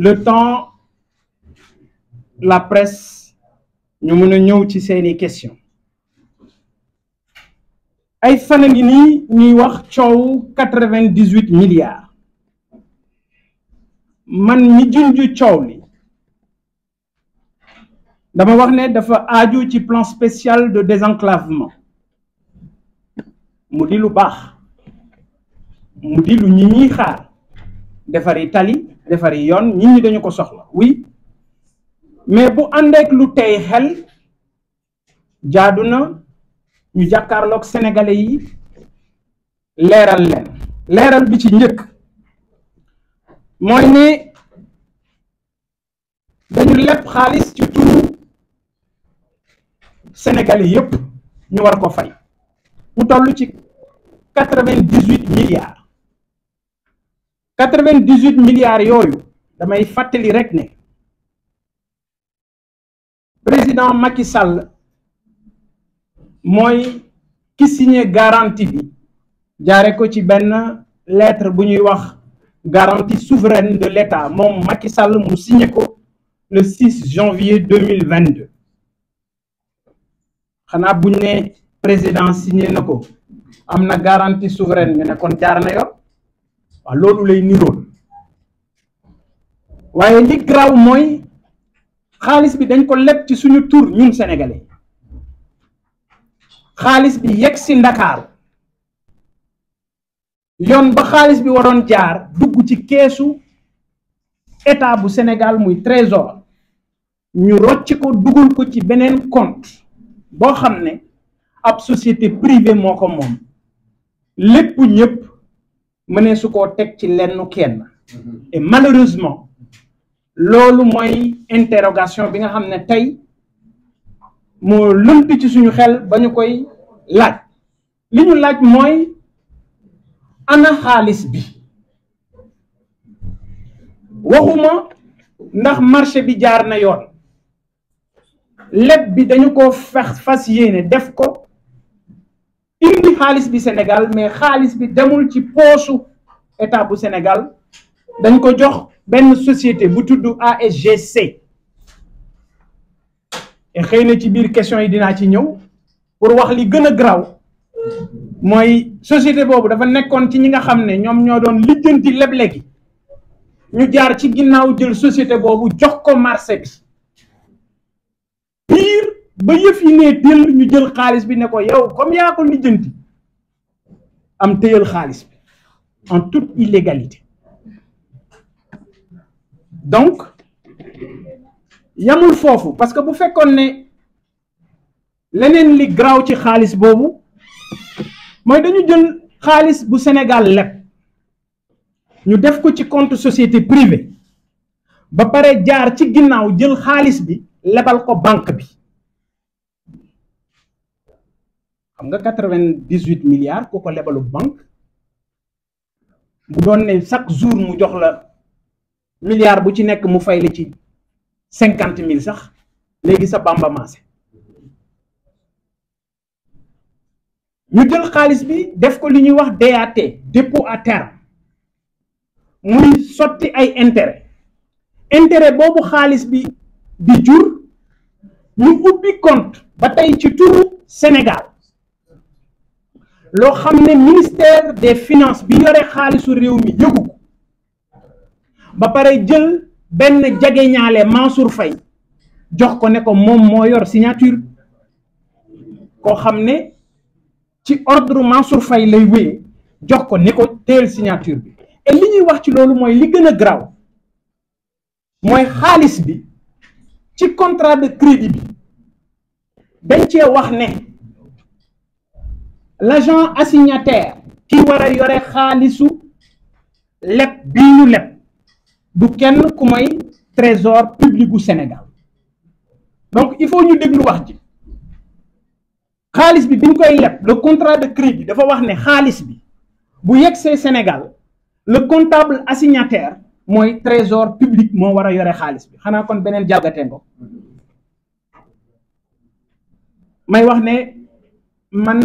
le temps la presse ñu mën a ñëw ci seeni question ay fan a ngi nii wax coow quatre-vingt-dix-huit milliards man mi junju coow li dama wax ne dafa aaju ci plan spécial de désenclavement mu di lu baax mu di lu ñi ñuy xaar defari tali defar yi yoon nit ñi dañu ko soxla oui mais bu àndeek lu tey xel jaadu na ñu jàkkaarloog sénégalais yi leeral leen leeral bi ci njëkk mooy ne dañu lepp xaalis ci turu sénégalais yépp ñu war ko fay bu toll ci quatre quatre-vingt-dix-huit milliards yooyu damay fàttali rek ne président Macky Sall mooy ki signé garantie bi jaare ko ci benn lettre bu ñuy wax garantie souveraine de l'État moom Macky Sall mu signé ko le 6 janvier 2022 xanaa buñ ne président signé na ko am na garantie souveraine nga ne kon jaar na yoon loolu lay niroon waaye li graw mooy xaalis bi dañ ko leb ci suñu tur ñun sénégalais xaalis bi yegg ci ndakaaru yoon ba xaalis bi waroon jaar dugg ci keesu état bu senegal muy trésor ñu rocc ko dugal ko ci beneen compte boo xam ne ab societé privée moo ko moom lépp ñëpp mënee su koo teg ci lenn kenn mhm. et malheureusement loolu mooy interrogation bi nga xam ne tey moo lëmpi ci suñu xel ba ñu koy laaj li ñu laaj mooy ana xaalis bi waxuma ndax marché bi jaar na yoon lépp bi dañu ko fex fas yéene def ko indi xaalis bi Sénégal mais xaalis bi demul ci poosu état bu Sénégal dañ ko jox benn société bu tudd ASGC et xëy na ci biir question yi dinaa ci ñëw pour wax li gën a graw mooy société boobu dafa nekkoon ci ñi nga xam ne ñoom ñoo doon lijjanti leb gi ñu jaar ci ginnaaw jël société boobu jox ko marsé bi biir ba yëf yi ne teel ñu jël xaalis bi ne ko yow comme yaa ko lijjanti am téyal xaalis en toute illégalité donc yamul foofu parce que bu fekkoon ne leneen li graw ci xaalis boobu mooy dañu jël xaalis bu senegal leb ñu def ko ci compte société privée ba pare jaar ci ginnaaw jël xaalis bi lebal ko banque bi xam nga quatre-vingt-dix-huit milliards ku ko lebalu banque bu doon ne chaque jour mu jox la milliard bu ci nekk mu fay la ci cinquante mille sax léegi sa bamba maase ñu jël xaalis bi def ko li ñuy wax DAT dépôt à terme muy sotti ay intérêt intérêt boobu xaalis bi di jur ñu ubbi compte ba tey ci turu Sénégal loo xam ne ministère des finances bi yore xaalisu réew mi yëgu ko ba pare jël benn jegeñaale Mansour fay jox ko ne ko moom moo yor signature koo xam ne ci ordre Mansour Faye lay wéyee jox ko ne ko teel signature bi et li ñuy wax ci loolu mooy li gën a garaaw mooy xaalis bi ci contrat de crédit bi dañ cee wax ne l'agent assignataire ki war a yore xaalisu leb bii ñu leb du kenn ku mooy trésor public bu Sénégal donc il faut ñu déglu wax ji xaalis bi bi ñu koy leb le contrat de crédit dafa wax ne xaalis bi bu yegsee Sénégal le contable assignataire mooy trésor public moo war a yore xaalis bi xanaa kon beneen jalgatee ko may wax ne man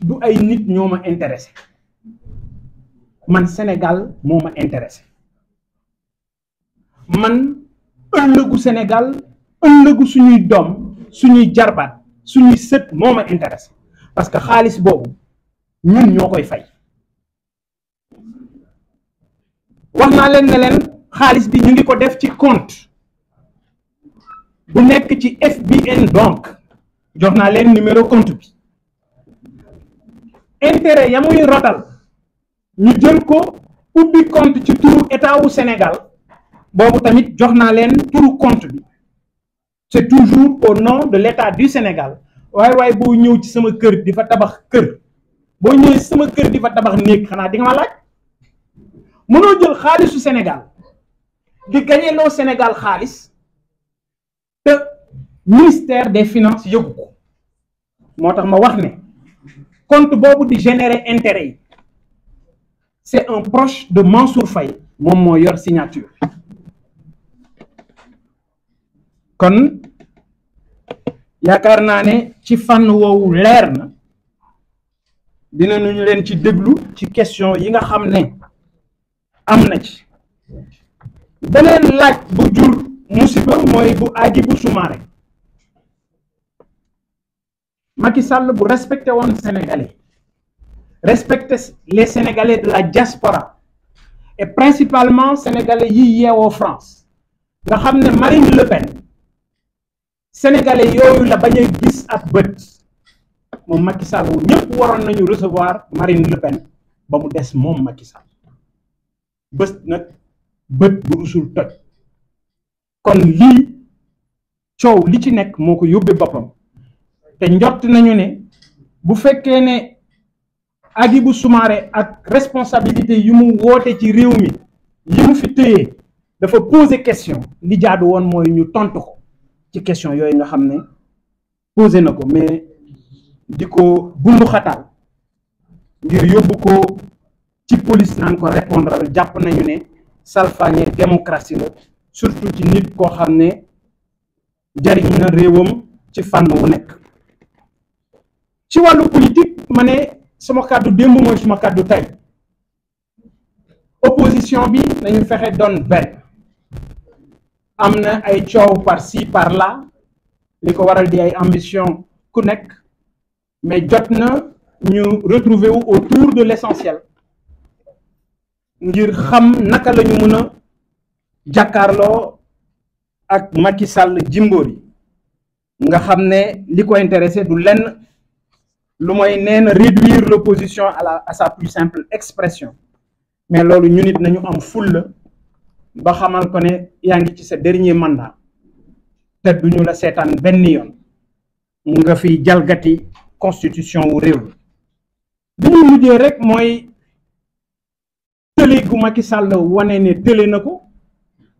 du ay nit ñoo ma intéressé man Sénégal mooma ma intéressé man ëllëgu Sénégal ëllëgu suñuy doom suñuy jarbaat suñuy sët moo ma intéressé parce que xaalis boobu ñun ñoo koy fay wax naa leen ne leen xaalis bi ñu ngi ko def ci compte bu nekk ci FBN banque jox naa leen numéro compte bi intérêt ya muy rotal ñu jël ko ubbi compte ci turu état wu Sénégal boobu tamit jox naa leen turu compte bi c'est toujours au nom de l'état du Sénégal waaye waaye boo ñëw ci sama kër di fa tabax kër boo ñëwee sama kër di fa tabax néeg xanaa di nga ma laaj mënoo jël xaalisu Sénégal di gagné loo Sénégal xaalis te ministère des finances yëgu ko moo tax ma wax ne. compte boobu di générer intérêt yi c'est un proche de Mansour Faye moom moo yor signature kon yaakaar naa ne ci fànn woowu leer na dina ñu leen ci déglu ci question yi nga xam ne am na ci beneen laaj bu jur musiba mooy bu Hadjibou Soumaré Macky Sall bu respecté woon Sénégalais respecté les Sénégalais de la diaspora et principalement Sénégalais yi yeewoo France nga xam ne Marine Le Pen Sénégalais yooyu la bañ gis ak bët moom Macky Sall wu ñëpp waroon nañu recevoir Marine Le Pen ba mu des moom Macky Sall bés nag bët bu usul toj kon lii coow li ci nekk moo ko yóbbee boppam. te njort nañu ne bu fekkee ne Hadjibou Soumaré ak responsabilité yi mu woote ci réew mi yi mu fi téye dafa poser question li jaadu woon mooy ñu tontu ko ci question yooyu nga xam ne posé na ko mais di ko bundu ngir yóbbu ko ci police naan ko répondre jàpp nañu ne salfaañe démocratie la surtout ci nit koo xam ne jariñ na réewam ci fànn wu nekk ci wàllu politique ma ne suma kàddu démb mooy suma kàddu tey opposition bi nañu fexe doon benn am na ay coow par ci par là li ko waral di ay ambition ku nekk mais jot na ñu retrouver wu autour de l'essentiel ngir xam naka la ñu mën a jàkkaarloo ak Macky Sall jimboor yi nga xam ne li ko intéressé du lenn lu mooy nee na réduire l'opposition à la à sa plus simple expression mais loolu ñu nit nañu am fulla ba xamal ko ne yaa ngi ci sa dernier mandat te duñu la seetaan benn yoon nga fi jalgati constitution wu réew bi ñu mujjee rek mooy tële gu Macky Sall wane ne tële na ko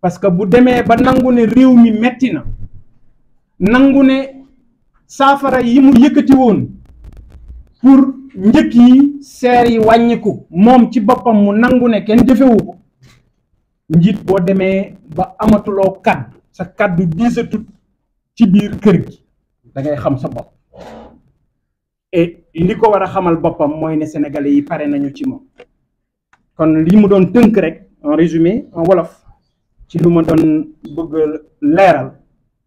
parce que bu demee ba nangu ne réew mi metti na nangu ne saafara yi mu yëkkati woon pour njëkk yi seer yi wàññiku moom ci boppam mu nangu ne kenn jëfewu ko njiit boo demee ba amatuloo kaddu sa kaddu diisatut ci biir kër gi da xam sa bopp et li ko war a xamal boppam mooy ne sénégalais yi pare nañu ci moom kon li mu doon tënk rek en résumé en wolof ci lu ma doon bëgg leeral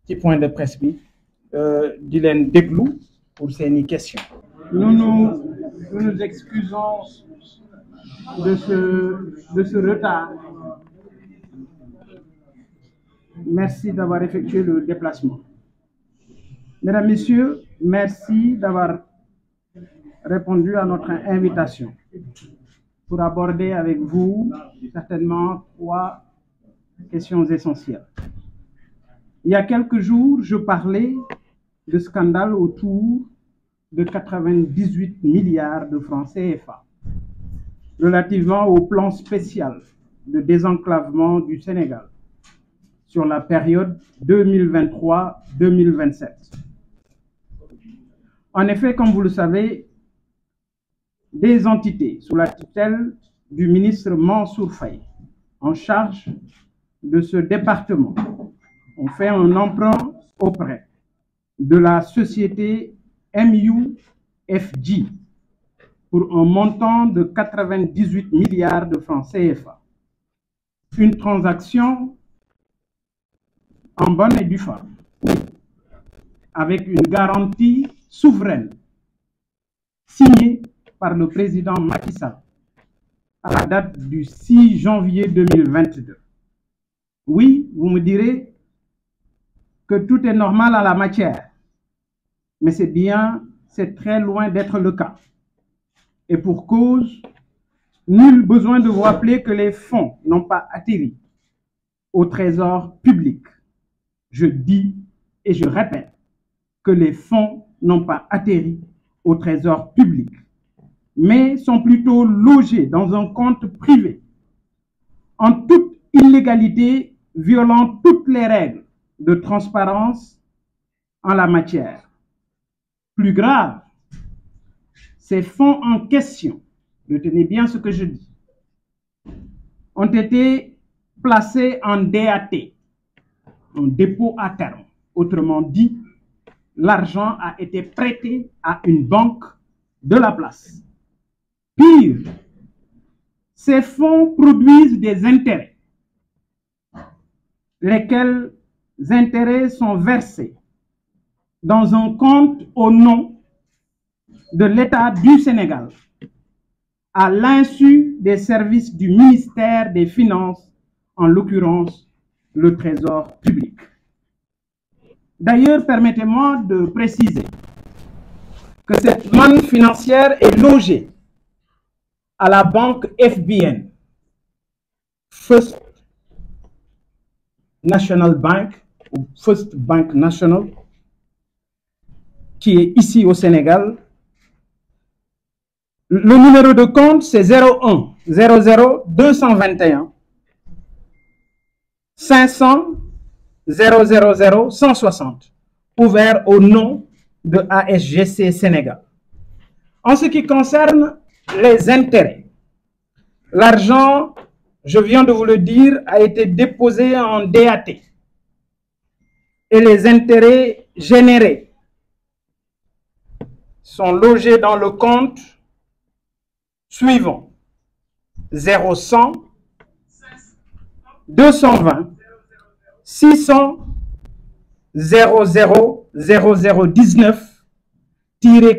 ci point de presse bi euh, di leen déglu pour seeni question Nous nous, nous nous excusons de ce, de ce retard. Merci d'avoir effectué le déplacement. Mesdames, Messieurs, merci d'avoir répondu à notre invitation pour aborder avec vous certainement trois questions essentielles. Il y a quelques jours, je parlais de scandales autour de 98 milliards de francs CFA relativement au plan spécial de désenclavement du Sénégal sur la période 2023-2027. En effet, comme vous le savez, des entités sous la tutelle du ministre Mansour Faye en charge de ce département ont fait un emprunt auprès de la Société MUFG pour un montant de 98 milliards de francs CFA. Une transaction en bonne et due forme, avec une garantie souveraine signée par le président Macky Sall à la date du 6 janvier 2022. Oui, vous me direz que tout est normal à la matière. Mais c'est bien, c'est très loin d'être le cas. Et pour cause, nul besoin de vous rappeler que les fonds n'ont pas atterri au trésor public. Je dis et je répète que les fonds n'ont pas atterri au trésor public, mais sont plutôt logés dans un compte privé. En toute illégalité, violant toutes les règles de transparence en la matière. Plus grave, ces fonds en question, retenez bien ce que je dis, ont été placés en DAT, en dépôt à terme. Autrement dit, l'argent a été prêté à une banque de la place. Pire, ces fonds produisent des intérêts, lesquels intérêts sont versés dans un compte au nom de l'État du Sénégal, à l'insu des services du ministère des Finances, en l'occurrence le Trésor public. D'ailleurs, permettez-moi de préciser que cette manne financière est logée à la banque FBN, National Bank ou First qui est ici au Sénégal. Le numéro de compte, c'est 01 00 221 500 000 160, ouvert au nom de ASGC Sénégal. En ce qui concerne les intérêts, l'argent, je viens de vous le dire, a été déposé en DAT et les intérêts générés sont logés dans le compte suivant 0100 220 600 00 0019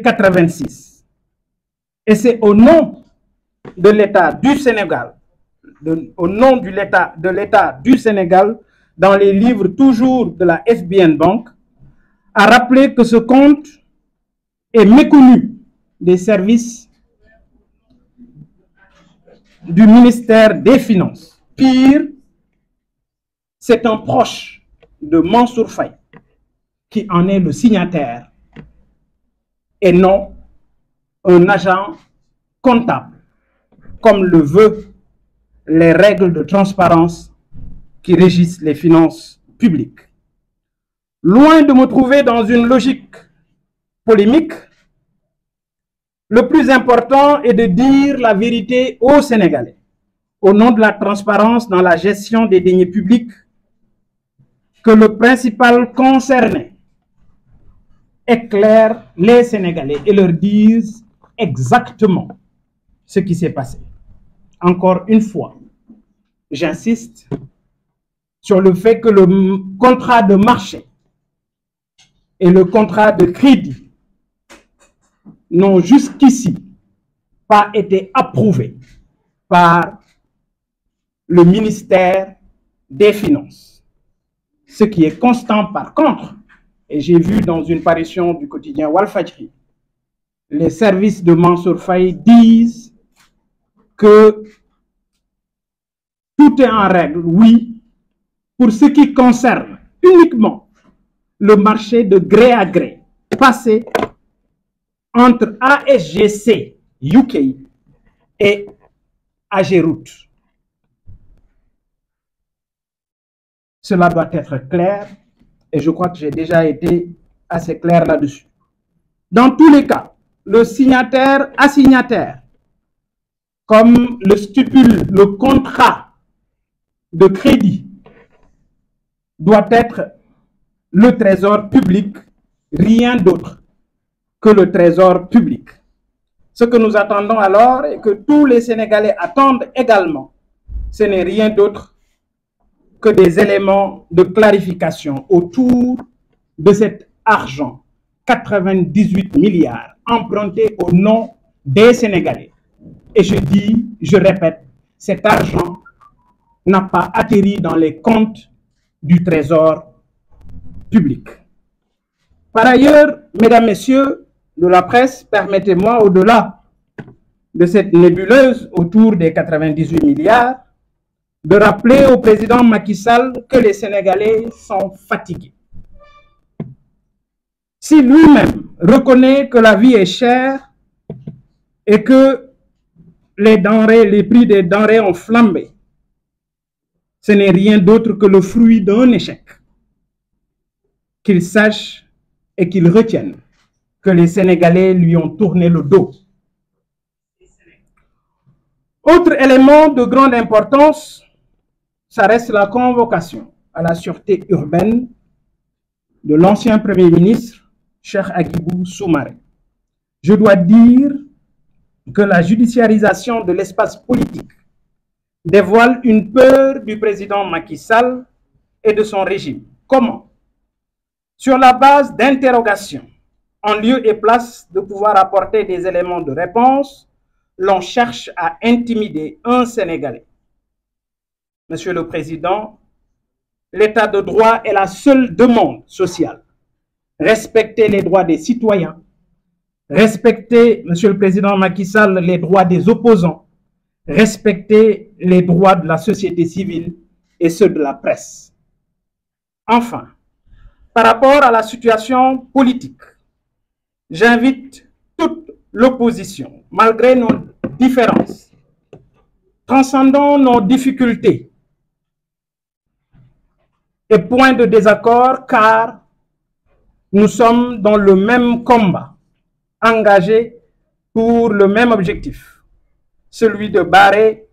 86 et c'est au nom de l'État du Sénégal au nom de de l'État du Sénégal dans les livres toujours la SBN Bank a rappelé et méconnue des services du ministère des Finances. Pire, c'est un proche de Mansour Faye qui en est le signataire et non un agent comptable, comme le veut les règles de transparence qui régissent les finances publiques. Loin de me trouver dans une logique polémique, le plus important est de dire la vérité aux Sénégalais, au nom de la transparence dans la gestion des deniers publics, que le principal concerné éclaire les Sénégalais et leur dise exactement ce qui s'est passé. Encore une fois, j'insiste sur le fait que le contrat de marché et le contrat de crédit n'ont jusqu'ici pas été approuvés par le ministère des Finances. Ce qui est constant par contre, et j'ai vu dans une parution du quotidien Walfadjri, les services de Mansour Faye disent que tout est en règle, oui, pour ce qui concerne uniquement le marché de gré à gré, passé entre ASGC UK et Ageroute. Cela doit être clair et je crois que j'ai déjà été assez clair là-dessus. Dans tous les cas, le signataire assignataire, comme le stipule le contrat de crédit, doit être le trésor public, rien d'autre. que le trésor public. Ce que nous attendons alors et que tous les Sénégalais attendent également, ce n'est rien d'autre que des éléments de clarification autour de cet argent, 98 milliards, emprunté au nom des Sénégalais. Et je dis, je répète, cet argent n'a pas atterri dans les comptes du Trésor public. Par de la presse, permettez-moi, au-delà de cette nébuleuse autour des 98 milliards, de rappeler au président Macky Sall que les Sénégalais sont fatigués. Si lui-même reconnaît que la vie est chère et que les denrées, prix des denrées ont flambé, ce n'est rien d'autre que le fruit d'un échec. Qu'il sache et qu'il retienne que les Sénégalais lui ont tourné le dos. Autre élément de grande importance, ça la convocation à la sûreté urbaine de l'ancien Premier ministre, Cheikh Agibou Soumaré. Je dois dire que la judiciarisation de l'espace politique dévoile une peur du président Macky Sall et de son régime. Comment Sur la base d'interrogations En lieu et place de pouvoir apporter des éléments de réponse, l'on cherche à intimider un Sénégalais. Monsieur le Président, l'état de droit est la seule demande sociale. Respecter les droits des citoyens, respecter, Monsieur le Président Macky Sall, les droits des opposants, respecter les droits de la société civile et ceux de la presse. Enfin, par rapport à la situation politique, J'invite toute l'opposition, malgré nos différences, transcendons nos difficultés et points de désaccord car nous sommes dans le même combat, engagés pour le même objectif, celui de barrer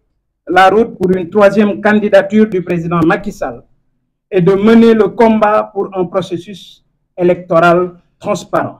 la route pour une troisième candidature du président Macky Sall et de mener le combat pour un processus électoral transparent.